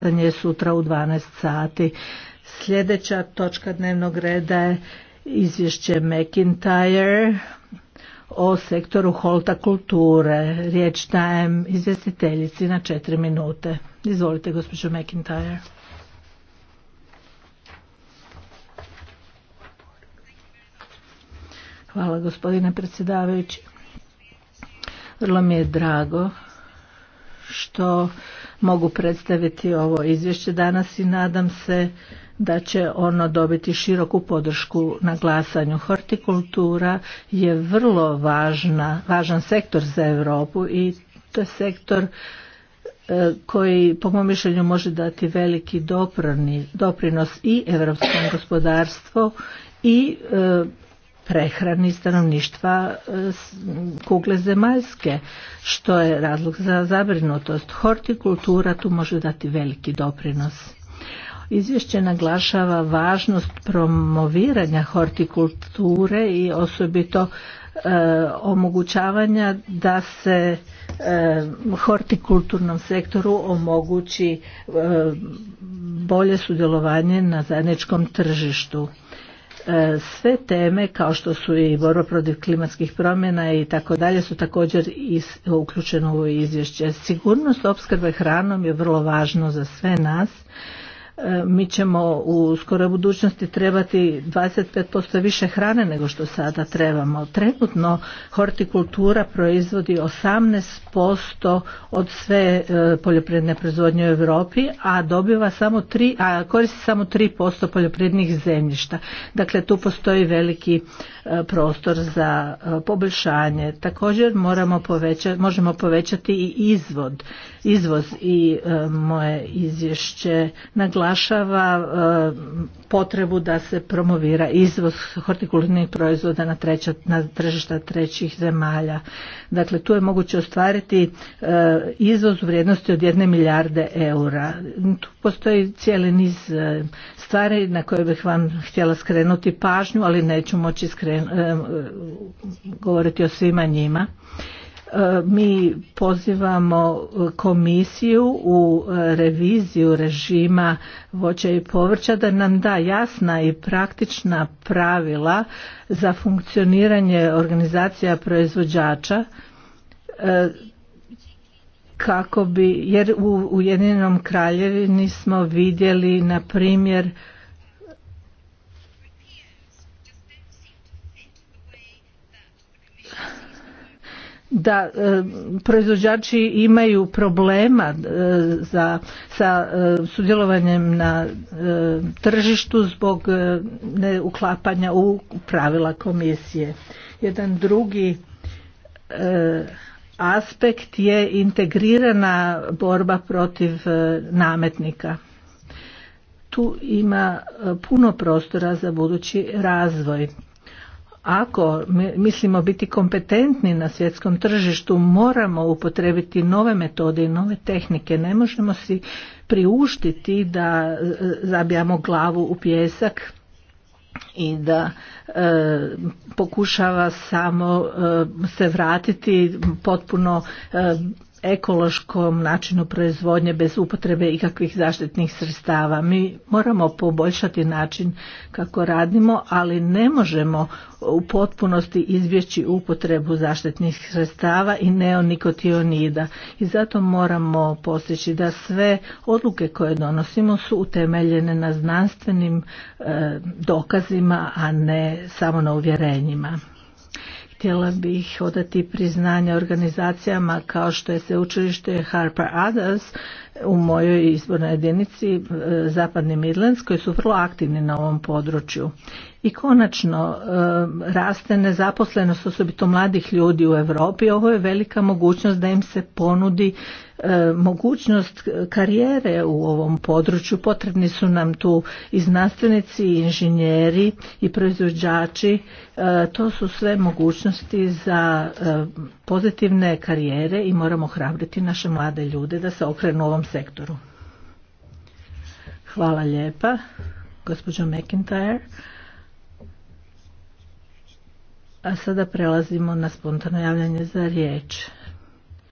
je sutra u 12 sati. Sljedeća točka dnevnog reda je izvješće McIntyre o sektoru holta kulture. Riječ dajem izvjestiteljici na 4 minute. Izvolite gospođo McIntyre. Hvala gospodine predsjedavajući. Vrlo mi je drago što mogu predstaviti ovo izvješće danas i nadam se da će ono dobiti široku podršku na glasanju. Hortikultura je vrlo važna, važan sektor za Europu i to je sektor e, koji po mom mišljenju može dati veliki doprinos i europskom gospodarstvu i e, prehrani stanovništva e, kugle zemaljske, što je razlog za zabrinutost. Hortikultura tu može dati veliki doprinos. Izvješće naglašava važnost promoviranja hortikulture i osobito e, omogućavanja da se e, hortikulturnom sektoru omogući e, bolje sudjelovanje na zajedničkom tržištu. E, sve teme kao što su i borba protiv klimatskih promjena i tako dalje su također uključene u ovo izvješće. Sigurnost opskrbe hranom je vrlo važno za sve nas E, mi ćemo u skoroj budućnosti trebati 25% više hrane nego što sada trebamo. Trenutno hortikultura proizvodi 18% od sve e, poljoprivredne proizvodnje u Europi, a dobiva samo 3, a koristi samo 3% poljoprivrednih zemljišta. Dakle tu postoji veliki e, prostor za poboljšanje. Također moramo povećati, možemo povećati i izvod, izvoz i moje izvješće naglasi naglašava e, potrebu da se promovira izvoz hortikulturnih proizvoda na, treća, na tržišta trećih zemalja. Dakle, tu je moguće ostvariti e, izvoz u vrijednosti od jedne milijarde eura. Tu postoji cijeli niz e, stvari na koje bih vam htjela skrenuti pažnju, ali neću moći skren, govoriti o svima njima. E, mi pozivamo e, komisiju u e, reviziju režima voća i povrća da nam da jasna i praktična pravila za funkcioniranje organizacija proizvođača kako bi jer u Ujedinjenom kraljevini smo vidjeli na primjer da e, proizvođači imaju problema e, za, sa e, sudjelovanjem na tržištu zbog neuklapanja u pravila komisije. Jedan drugi aspekt je integrirana borba protiv nametnika. Tu ima puno prostora za budući razvoj ako mislimo biti kompetentni na svjetskom tržištu moramo upotrebiti nove metode i nove tehnike ne možemo si priuštiti da e, zabijamo glavu u pjesak i da e, pokušava samo e, se vratiti potpuno ekološkom načinu proizvodnje bez upotrebe ikakvih zaštitnih sredstava. Mi moramo poboljšati način kako radimo, ali ne možemo u potpunosti izbjeći upotrebu zaštitnih sredstava i neonikotionida. I zato moramo postići da sve odluke koje donosimo su utemeljene na znanstvenim eh, dokazima, a ne samo na uvjerenjima. Htjela bih odati priznanje organizacijama kao što je sveučilište Harper Others u mojoj izbornoj jedinici e, Zapadni Midlands koji su vrlo aktivni na ovom području. I konačno e, raste nezaposlenost osobito mladih ljudi u Europi. Ovo je velika mogućnost da im se ponudi e, mogućnost karijere u ovom području. Potrebni su nam tu i znanstvenici, i inženjeri, i proizvođači. To su sve mogućnosti za pozitivne karijere i moramo hrabriti naše mlade ljude da se okrenu ovom sektoru. Hvala lijepa, gospođo McIntyre. A sada prelazimo na spontano javljanje za riječ.